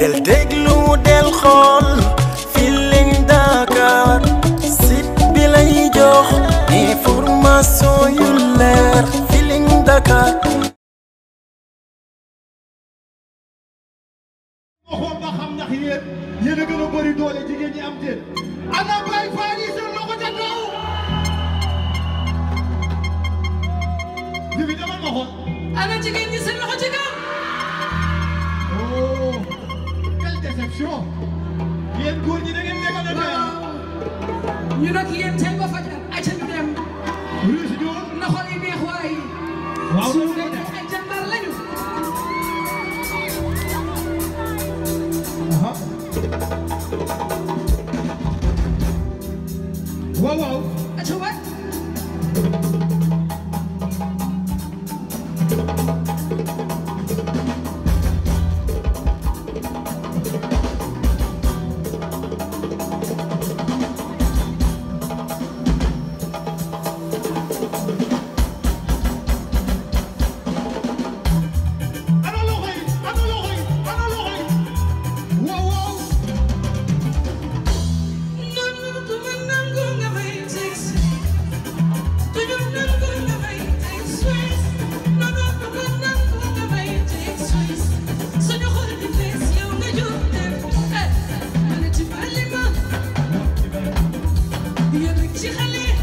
del déglu del xool Feeling Dakar site bi lay jox information yu leer Dakar waxoon ba xam ndax yéen a gën doole jigéen am déet ana bay faal yi seen loxo ca kaw li bi dama exception yéen góor ñi da ngeen nekk na waaw ñu nag yéen tey ba fajar ayca ñu dem. ruus Diouf na xol yi neex waay. waaw ci xale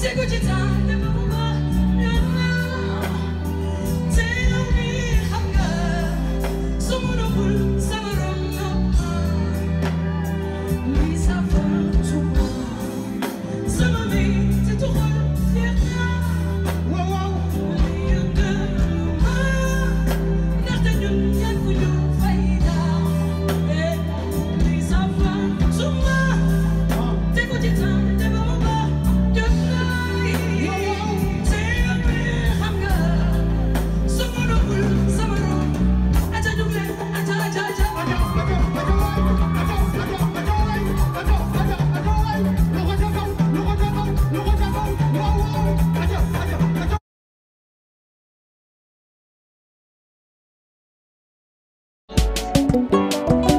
这个节奏。